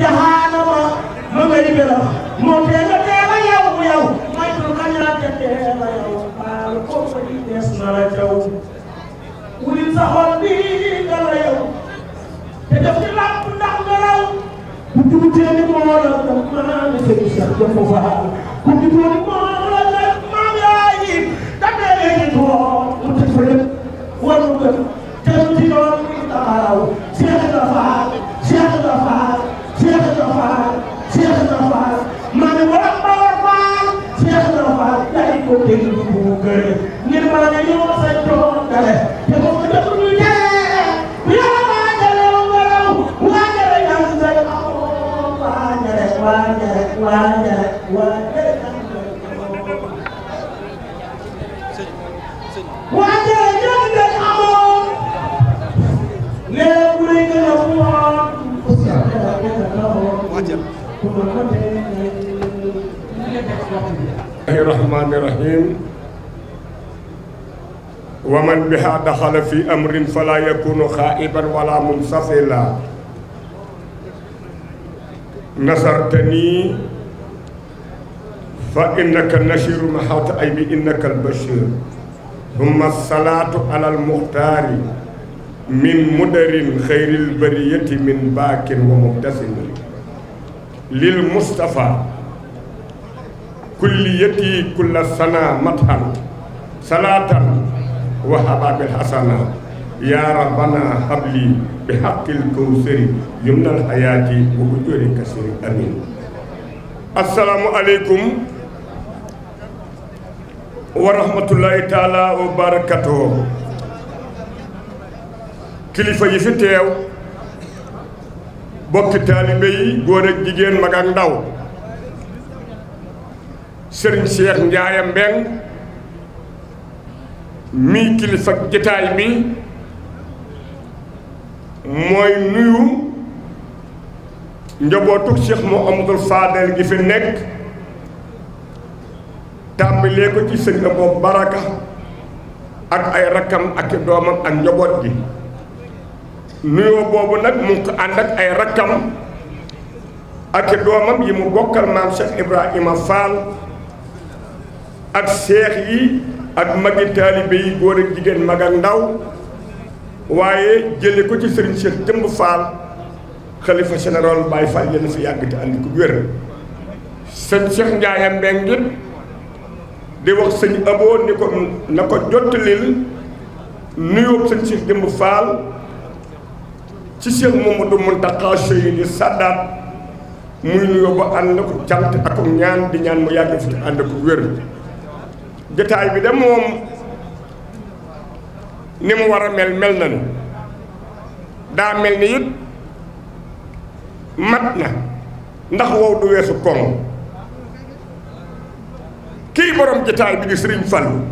jahanama mangani bela montega tela yaw bu yaw maytul kañirate tela yaw baal kokoɗi des nara jaw wurin sa xol bi ngala yaw te def ci lamp ndax nga raw bu jubuteeni moola dam maami sëñ sax jafa faal ku jubuteeni moola dam maam yaayi dameeni too mu tëj fa lépp wanu gën te ci yoon bi taxaw dégg bu kër ngir ma ne yow sa doom dale te moom def lu jëlee yow maa jëlee walaw waa jëlee yaa ngi say amoo waa jëlee waa jëlee waa jëlee waa jëlee waa jëlee yow de amoo léegi bu dee gën a woon. waa jëlee. الله الرحمن الرحيم ومن بها دخل في أمر فلا يكون خائبا ولا منفصلا نصرتني فإنك النشير محات أيبي إنك البشير ثم الصلاة على المختار من مدر خير البرية من باك ومبتسم للمصطفى kulliyati kulla sana mathan salatan wa hababil hasana ya rabbana habli bi haqqil kawsari yumnal hayati wa ujuri kasiri amin assalamu aleykum wa rahmatullahi taala wa kilifa yi fi teew bokki taalibe yi góor sëriñ Cheikh Ndiaye Mbeng mii kilifa jataay bi mooy nuyu njabootu Cheikh Mouhamadul Fadel gi fi nekk tàmbalee ko ci sëriñ Abo Baraka ak ay rakkam ak doomam ak njaboot gi nuyoo boobu nag mu ànd ak ay rakkam ak doomam yi mu bokkal maam Cheikh Ibrahima Fall ak seex yi ak magi taalibe yi góor ak jigéen mag ak ndaw waaye jële ko ci sëriñ Cheikh Jëmb Fall xalifa général Baye Fall yéen fi yàgg te andi ko wér sëñ Cheikh Ndiaye Mbengit di wax sëñ aboo ni ko na ko jottalil nuyoo sëñ Cheikh Jëmb Fall ci muy nuyoo ba ànd ko cant ak ñaan di ñaan mu yàgg ànd ko wér jotaay bi de moom ni mu war a mel mel nañu daa mel ni mat na ndax wow du weesu koŋ kii borom jotaay bi di Sëriñ Fallu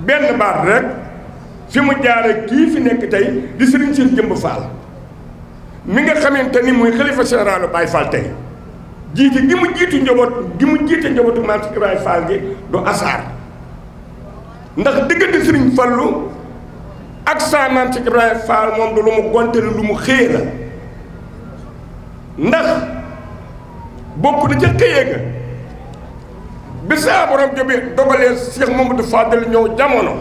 benn baat rek fi mu jaare kii fi nekk tey di Sëriñ Siir Jëmb Fall mi nga xamante ni muy xalifa généralu Baay Fall tey jiite gi mu jiitu njaboot gi mu jiite njabootu maam si Ibrahima Fall gi du asar ndax diggante Sëriñ Fallu ak saa maam si Ibrahima Fall moom du lu mu gonte lu mu xëye la ndax bokk na ca xëyee ga bi saa borom jobi dogalee Cheikh Mamadou Fadel ñëw jamono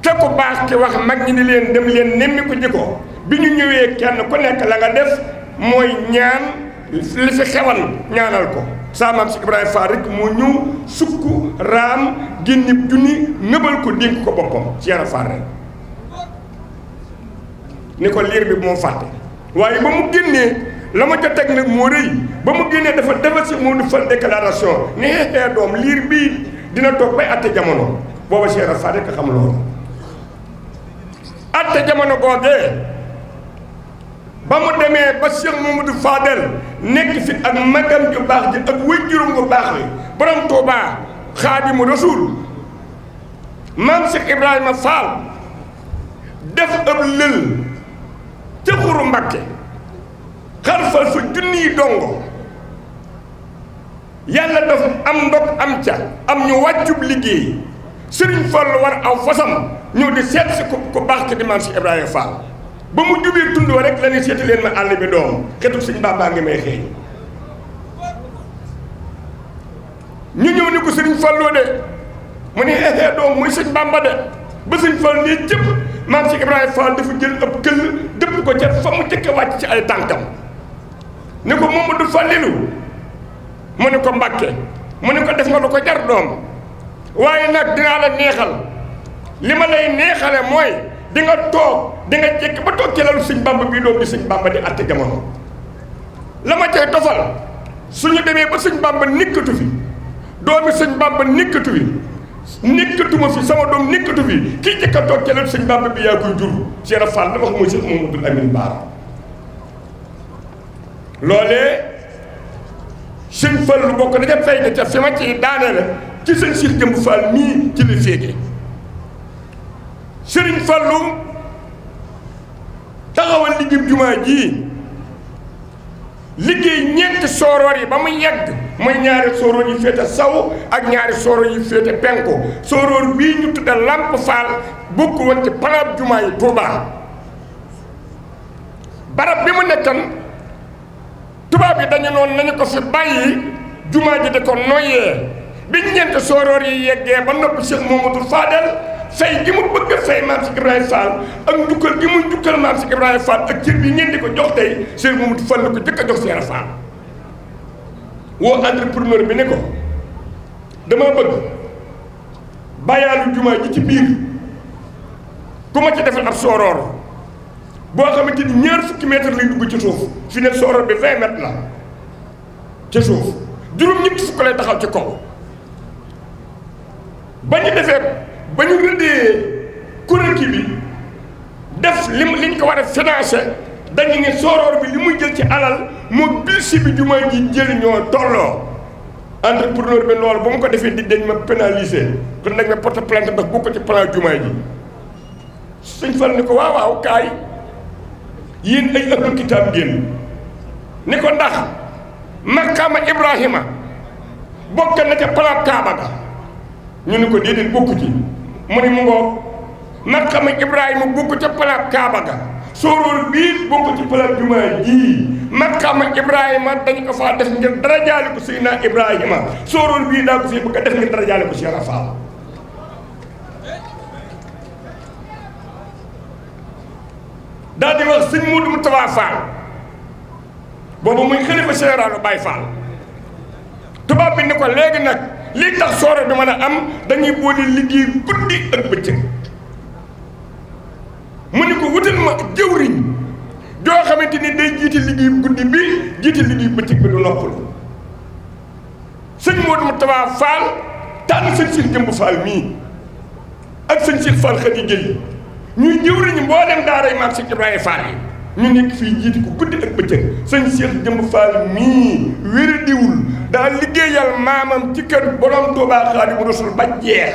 te ku baax ki wax mag ñi ni leen dem leen nemmi ko ji bi ñu ñëwee kenn ku nekk la nga def mooy ñaan li fi xewan ñaanal ko saa maam si Ibrahima Fall rek moo ñëw sukk raam génnib junni nëbal ko dénk ko boppam ci yara Fall rek ni ko liir bi moo fàtte waaye ba mu génnee la ma ca teg nag moo rëy ba mu génnee dafa defal si moo defal déclaration ni xeexee eh, eh, doom liir bi dina toog bay atte jamono booba si yara Fall rek a xam loolu atte googee ba mu demee ba Cheikh Mamadou Fadel nekk fi ak magam ju baax ji ak wëjjurum bu baax li borom Tuubaa Xaadimu Ibrahima Fall def ab lël ca xuru Mbakke xarfal fa junniy dongo yàlla daf am ndog am ca am ñu wàccub liggéey Sëriñ Fall war aw fasam ñëw di seet si ku baax ki di maam Ibrahima Fall ba mu jubee tund wa rek la ne ma àll bi doom xetu sëñ Bàmba ngi may xeeñ ñu ñëw ni ko sëriñ Falloo de mu ne eh, xeexee eh, doom muy sëñ Bàmba de ba sëñ Fall ne jëpp maam si Ibrahima Fall dafa jël ab këll dëpp ko ca fa mu jëkk wàcc ci ay tànkam ne ko Mamadu Fallilu mu ne ko Mbàkke mu ne ko def nga lu ko jar doom waaye nag dinaa la neexal li ma lay neexale mooy dinga nga toog di nga jekk ba toog ci lalu sëñ bamba bii doom di sëñ bamba di atte jamono la ma cay tofal suñu demee ba sëñ bamba nekkatu fi doomi sëñ bamba nekkatu fi nekkatuma fi sama doom nekkatu fi kii jëkk a toog ci bi yaa koy jur Cheikh Fall dama wax mooy Cheikh Mamadou Amine Baara loolee sëñ Fall lu bokk na ca fay na ca fi ma ciy daane ci sëñ Cheikh Jëmb Fall nii ci li féegee sëriñ Fallu taxawal liggéey jumaa ji liggéey ñeenti sooroor yi ba mu yegg mooy ñaari sooroor yi féete saw ak ñaari sooroor yi féete penko sooroor bii ñu tudda Lamp Fall bokk woon ci palaab jumaa yi Tuubaa barab bi mu nekkan tubaab yi dañu noonu nañu ko fi bàyyi jumaa ji di ko noyyee bi ñeenti sooroor yi yeggee ba noppi Cheikh Mamadou Fadel fay gi mu bëgg a fay maam si Ibrahima Fall ak njukkal gi mu njukkal maam si Ibrahima Fall ak cër bi ngeen di ko jox tey sëñ moomu fan la ko jëkk a jox Seera Fall woo entrepreneur bi ne ko dama bëgg bàyyaalu jumaa ji ci biir ku ma ci defal ab sooroor boo xamante ni ñaar fukki mètre lay dugg ci suuf fi ne sooroor bi vingt mètres la ci suuf juróom ñetti fukk lay taxaw ci kaw ba ñu defee ba ñu rëddee kuréel bi def li li ñu ko war a financé dañu ne sooroor bi li muy jël ci alal mu biir bi jumaa ji jëriñoo tolloo entrepreneur bi loolu ba mu ko defee di dañ ma pénaliser kon nag ma porte plainte ndax bokk ci plan jumaa ji suñ fal ni ko waaw waaw kaay yéen ay ahlul kitaab génn ni ko ndax makkaama Ibrahima bokk na ca plan Kaaba ga ñu ni ko déedéet bokku ci mu ni mu ngoo nag xam nga Ibrahima bokk ca palaab Kaaba ga sóoróor bii bokk ci palaab jumaa jii nag xam nga Ibrahima dañ ko faa def ngir darajaale ko Seydina Ibrahima sóoróor bii daa ko fii bëgg a def ngir darajaale ko Cheikh Fall daal di wax sëñ Modou Moustapha Fall boobu muy xalifa général Baye Fall tubaab bi ko léegi nag lii tax soore du mën a am dañuy boole liggéey guddi ak bëccëg mu ni ko wutal ma jëwriñ joo xamante ni day jiite liggéey guddi bi jiite liggéey bëccëg bi du noppalu sëñ Modou Moustapha Fall tànn sëñ Cheikh Jëmb Fall mii ak sëñ Cheikh Fall Khady Gueye ñuy jëwriñ mbooleem daaray maam Cheikh Ibrahima Fall yi ñu nekk fii jiiti ko guddi ak bëccëg sëñ Cheikh Jëmb Fall mii wéradiwul daa liggéeyal maamam ci kër borom Tuubaa Xaadimu Rasuul ba jeex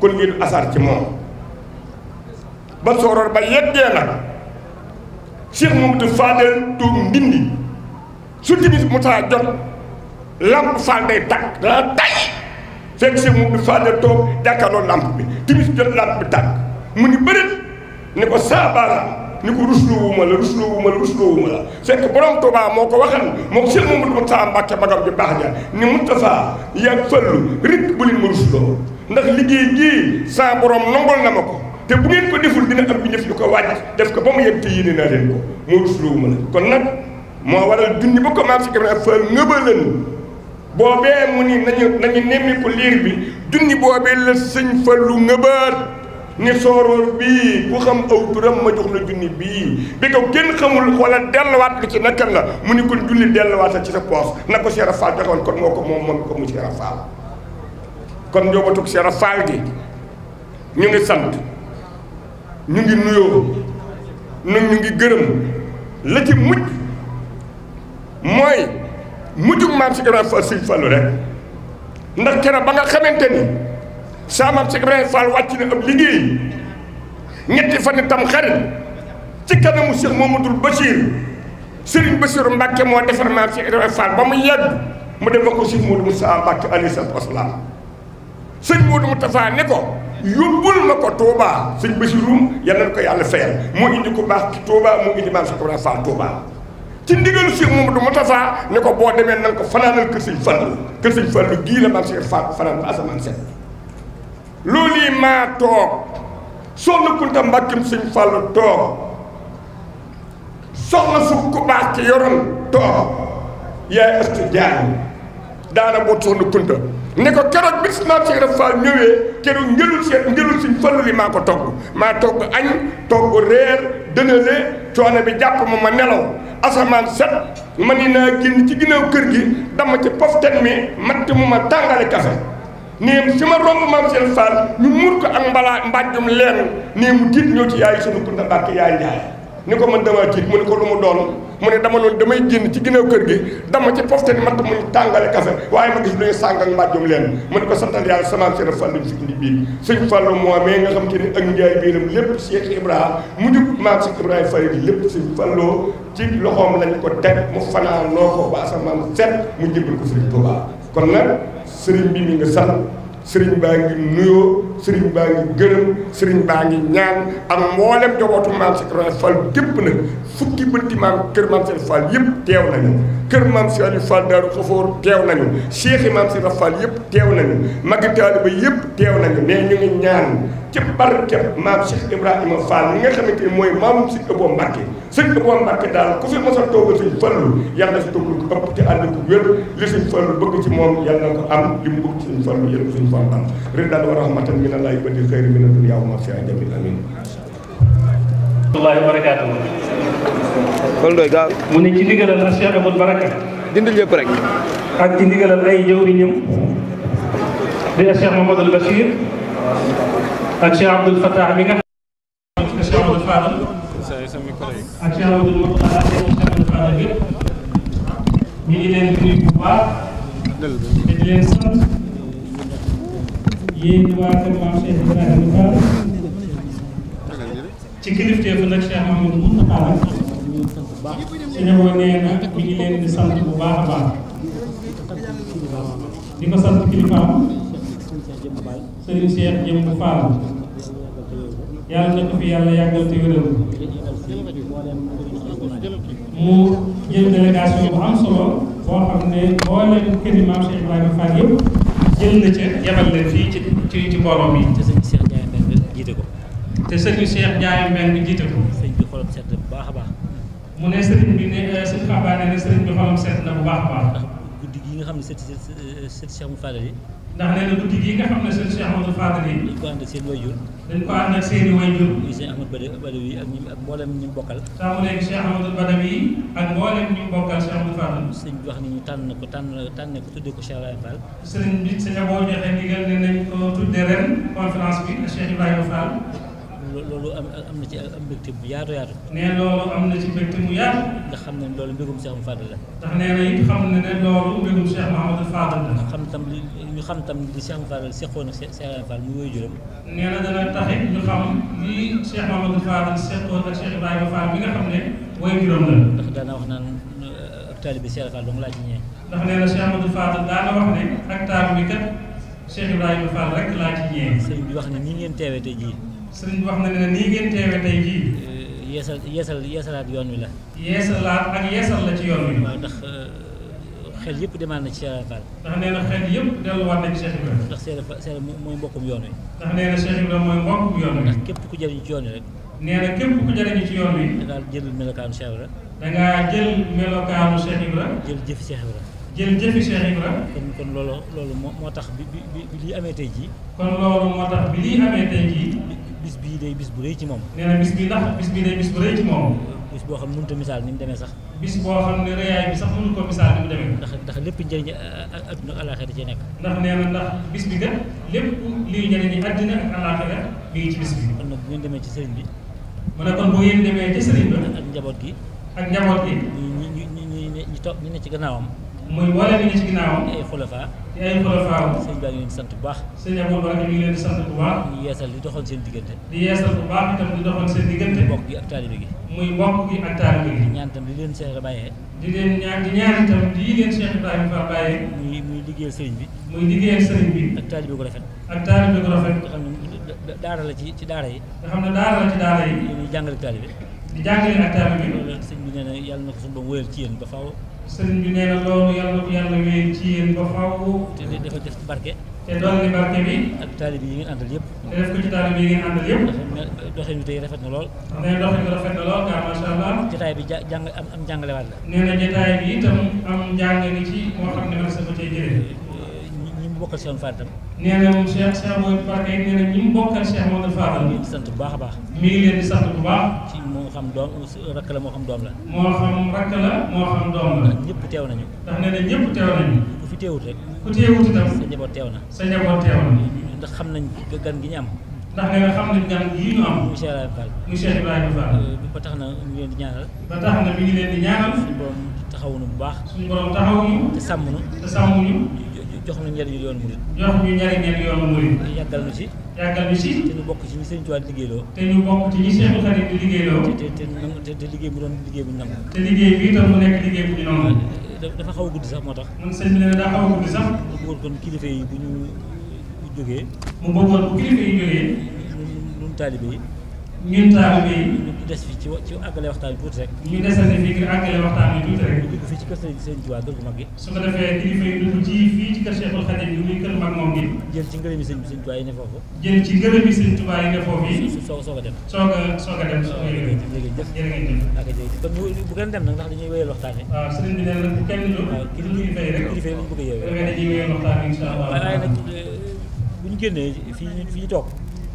kon lii du asar ci moom ba sooroor ba yeggee na Cheikh Mamadou Fadel toog ndindi su timis mu saa jot lamp Fall day tàkk dana tay fekk Cheikh Mamadou Fadel toog jàkkaarloo lamp bi timis jot lamp bi tàkk mu ni bërit ne ko saa ni ko rusloowuma la rusloowuma la rusloowuma la fekk borom Tuubaa moo ko waxal moom sëñ Mamadou Moussa Mbacke magam ju baax ja ni Moustapha yàgg fallu rek bu leen ma rusloo ndax liggéey gii saa borom nangol na ma ko te bu ngeen ko deful dina am bi ñëf yu ko wàcc def ko ba mu yegg te yéene naa leen ko moo rusloowuma la kon nag moo waral dundi ba commencé Ibrahima Fall ngëbalan boobee mu ni nañu nañu nemmi ko liir bi dundi boobee la sëñ fallu ni sooroor bii ku xam aw ma jox la junni bii bi ko kenn xamul wala delluwaat lu ci nakkan la mu ni kon julli delluwaat ci sa poos na ko Cheikh Fall joxoon kon moo ko moom moom ko mu Cheikh Fall kon njoobatug Cheikh Fall gi ñu ngi sant ñu ngi nuyoo nag ñu ngi gërëm la ci mujj mooy mujjug maam si gën a fa Sëñ Fallu rek ndax keneen ba nga xamante ni saa maam Cheikh Ibrahima Fall wàcc na ab liggéey ñetti fan tam xarit ci kanamu Cheikh Mamadou Bachir Serigne Bachir Mbacke moo defar maam Cheikh Ibrahima Fall ba mu yàgg mu dem ba ko Cheikh Modou Moussa Mbacke alayhi salaatu wasalaam sëñ Modou Moustapha ne ko yóbbul ma ko Touba sëñ Bachirou yàlla na ko yàlla fayal moo indi ko baax tooba Touba moo indi maam Cheikh Ibrahima Fall Touba. ci ndigalu Cheikh Mamadou Moustapha ne ko boo demee na nga ko fanaanal kër sëñ Fallou kër sëñ la maam Cheikh Fall loolu yi maa toog soxna Kunta Mbàkkim Sëñ Fàllu toog soxna su ku baax ci yorom toog yaay astu daana boot soxna Kunta ne ko keroog bis maam Cheikh Ibra Fall ñëwee keroog njëlul si njëlul si fallu li maa ko togg maa togg añ togg reer dënale coono bi jàpp ma ma nelaw asamaan set ma ni naa génn ci ginnaaw kër gi dama ci poften mi matt mu ma tàngale kafe nee fi ma romb maam seen Fall ñu mur ko ak mbalaa mbàjjum leen nee mu tiit ñëw ci yaay sunu kunta Mbàkke yaay njaay ni ko man damaa tiit mu ne ko lu mu doon mu ne dama loolu damay génn ci ginnaaw kër gi dama ci posté ni man ta muñ tàngale kafe waaye ma gis lu ñu sàng ak mbàjjum leen mu ne ko santal yàlla samaam seen Fall lañ sikundi bii sëñ Fallu moomee nga xam te ni ak njaay biiram lépp Cheikh Ibrahima mu jub maam Cheikh Ibrahima Fall bi lépp sëñ Fallu ci loxoom lañ ko teg mu fanaanoo ko ba asamaam set mu jëbbal ko sëñ sëriñ bii mi ngi sant sëriñ baa ngi nuyoo sëriñ baa ngi gërëm sëriñ baa ngi ñaan ak mboolem jobootu maam si Fall gépp nag fukki bëtti maam kër maam seen Fall yëpp teew nañu kër maam si Aliou Fall Daaru Xafoor teew nañu cheikh maam si Ibra Fall yëpp teew nañu magi taaliba yëpp teew nañu mais ñu ngi ñaan ci barkeb maam Cheikh Ibrahima Fall mi nga xamante ni mooy maam si Ëbbo Mbàkke sëñ Ëbbo Mbàkke daal ku fi mos a toogal suñ fallu yàlla na si toglu ko ëpp te ànd ko wér li suñ fallu bëgg ci moom yàlla na ko am li mu bëgg ci suñ fallu yéen ko suñ fallu am ridaan wa rahmatan min allahi badi xëyri min ad dunya wa ma fi ajamin amin wa rahmatullahi wa loolu doy gaaw. mu ne ci ndigalal ak Cheikh Abdou Baraka. dindil yëpp rek. ak ci ndigalal ay jëwriñam di Cheikh Mamadou Bachir ak Cheikh Abdoul Fattah mi nga xam ne Cheikh Abdoul Fattah ak Cheikh Abdoul Fattah yëpp ñu ngi leen di nuyu bu baax te di leen sant yéen ñi waa kër maam Cheikh Ibrahima Fall ci kilifteefu nag Cheikh Mamadou Moustapha suñu woo nee na mi ngi leen di sant bu baax a baax di ko sant kilifaam sëriñ Cheikh Jëmb Fall yàlla na ko fi yàlla yàggal te wéral mu jël délégation bu am solo boo xam ne boo leen kër yi maam yëpp jël na ca yabal leen fii ci ci ci mbooloo mi te sëriñ Cheikh Ndiaye Mbengue jiite ko te sëriñ Cheikh Ndiaye Mbengue jiite ko mu ne sëriñ bi ne euh, suñu xabaar ne sëriñ bi xolam seet na bu baax a baax. guddi gi nga xam ne sëti sëti euh, Cheikh Mouhamadou Fadal yi. ndax nee na guddi gi nga xam ne sëti Cheikh Mouhamadou Fadal yi. dañ ko ànd ak seen wayjur. dañ ko ànd ak seen i wayjur. muy sëñ Ahmad Badawi ak ñi ak mboolem ñu bokkal. saa mu nekk Cheikh Ahmad Badawi ak mboolem ñu bokkal Cheikh Mouhamadou Fadal. sëñ bi wax ni ñu tànn ko tànn tànn ko tuddee ko Cheikh Ibrahima Fall. sëriñ bi sëñ Abo joxe ndigal ne nañ ko tuddee ren conférence bi Cheikh Ibrahima Fall. loolu am am na ci am mbégte bu yaatu yaatu. nee loolu am na ci mbégte mu yaatu. nga xam ne loolu mbégum Cheikh Mouhamadou Fadal la. ndax nee na it xam na ne loolu la. xam tam li xam tam woy juróom. na dana taxit ñu xam li Cheikh Mouhamadou Fadal la. ndax daanaa wax naan ak taalibe Cheikh Ibrahima Fall euh, dong laa ci ñëwee. ndax nee na Cheikh Mouhamadou bi kat Cheikh rek laa ci ñëwee. sëñ bi wax ne ñi ngeen teewee tey jii sëriñ bi wax na ne nii ngeen teewee tey jii. Eh, yeesal yeesal yeesalaat yoon wi la. yeesalaat ak yeesal la ci yoon wi. ndax eh, xel yëpp demaat na ci Cheikh Ibrahima Fall. ndax nee na xel yëpp delluwaat na ci Cheikh Ibrahima. ndax Cheikh Ibrahima Fall mooy mbokkum yoon wi. ndax nee na Cheikh Ibrahima mooy mbokkum yoon wi. ndax képp ku jëriñu ci yoon wi rek. nee képp ku jëriñu ci yoon wi. da ngaa jël melokaanu Cheikh Ibrahima. da ngaa jël melokaanu Cheikh Ibrahima. jël jëf Cheikh Ibrahima. jërëjëf Cheikh Ibrahima. kon kon loolu moo tax bi bi bi lii amee tey jii. kon loolu moo tax bi lii amee tey jii. bis bii day bis bu rëy ci moom. nee na bis bi ndax bis bi day bis bu rëy ci moom. bis boo xam ne mënut misaal ni mu demee sax. bis boo xam ne rëyaay bi sax mënul ko misaal ni mu demee. ndax ndax lépp njëriñ adduna ak di ci nekk. ndax nee na ndax bis bi kat lépp liy njëriñ adduna ak alaaxira mi ngi ci bis bi. kon nag demee ci sëriñ bi. mu ne kon bu ngeen demee ci sëriñ bi. njaboot gi. ak gi. ñi ci gannaawam muy wala mi ngi ci ginnaawam. di ay xulafaa. di ay xulafaa. sëñ ngi sëñ Ba sant bu baax. di yeesal di di yeesal bu seen diggante. mbokk gi ak taalibe gi. muy mbokk gi ak taalibe gi. di di leen Cheikh Ibrahima di leen ñaan di ñaan itam di leen bi. muy bi. ak taalibe gu rafet. ak taalibe gu rafet. la ci ci daara yi. xam ne daara la ci daara yi. di sëñ bi nee na yàlla na ko suñu borom wóyal ci yéen ba faw sëriñ bi nee na loolu yàlla na ko yàlla wéyal ci yéen ba faaw. te li dafa barke. te dolli barke bi. ak taalib yi ngeen àndal yëpp. te def ko ci taalib yi ngeen àndal yëpp. doxin bi tey rafet na lool. nee na doxin bi rafet na lool gaa macha allah. jotaay bi jàng am am jàngalewaat la. nee na bi itam am njàng ni ci moo xam ne man sa ko cay jëlee. bokkal Cheikh Mouhamed Fadal. nee na moom Cheikh Cheikh mu bokkal Cheikh Mouhamed Fadal. mi sant bu baax a baax. mi ngi leen di xam doom rakk la moo xam doom la. moo xam rakk la moo teew nañu. ndax na ñëpp teew nañu. ku fi teew sa njaboot teew xam nañ gan gi ñu am. ndax nee na xam nañ gan gii ñu am. Euh, na mi ngi leen di ñaanal. ba tax na bu baax. suñu borom taxawu te sàmm nu. te sàmm ñu. jox ñu njëriñu yoonu murit jox ñu njëriñu yoonu murit yàggal na ci yàggal na ci te ñu bokk ci ñi sëñ Tuubaa liggéeyloo te ñu bokk ci ñi te te liggéey bu doon liggéey bu ñu nangu te liggéey bi itam mu nekk liggéey bu ñu nangu eh, dafa xaw guddi sax moo tax mun sëñ bi ne daa xaw guddi sax mu bëggoon kon kilifa yi bu ñu jógee mu bëggoon bu kilifa jógee ñun taalibe yi ñun taalibe yi ñu des fi ci ci àggale waxtaan bi tuuti rek ñu desante fi àggale waxtaan bi tuuti rek fii ci kër Sëriñ Tuubaa kër gu mag gi su ko defee kilifa yi dugg ci fii ci kër Cheikhul Khadim bi muy kër mag moom gi jël ci ngërëmi Sëriñ Sëriñ Tuubaa ne foofu jël ci ngërëmi Sëriñ Tuubaa yi ne foofu yi soog soog a dem soog a soog a dem soog dem jërëjëf nag ndax dañuy wéyal waxtaan bi waaw sëriñ bi nee na bu kenn lu kilifa yi rek kilifa yi lañu bëgg a yeewee dañuy wéyal waxtaan bi insha Allah waaye nag euh, bu ñu génnee fii fii ñu toog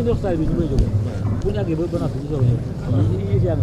dañuy dox saa bi ñu may jógee bu ñu àggee ba ba noppi ñu soog a ñëw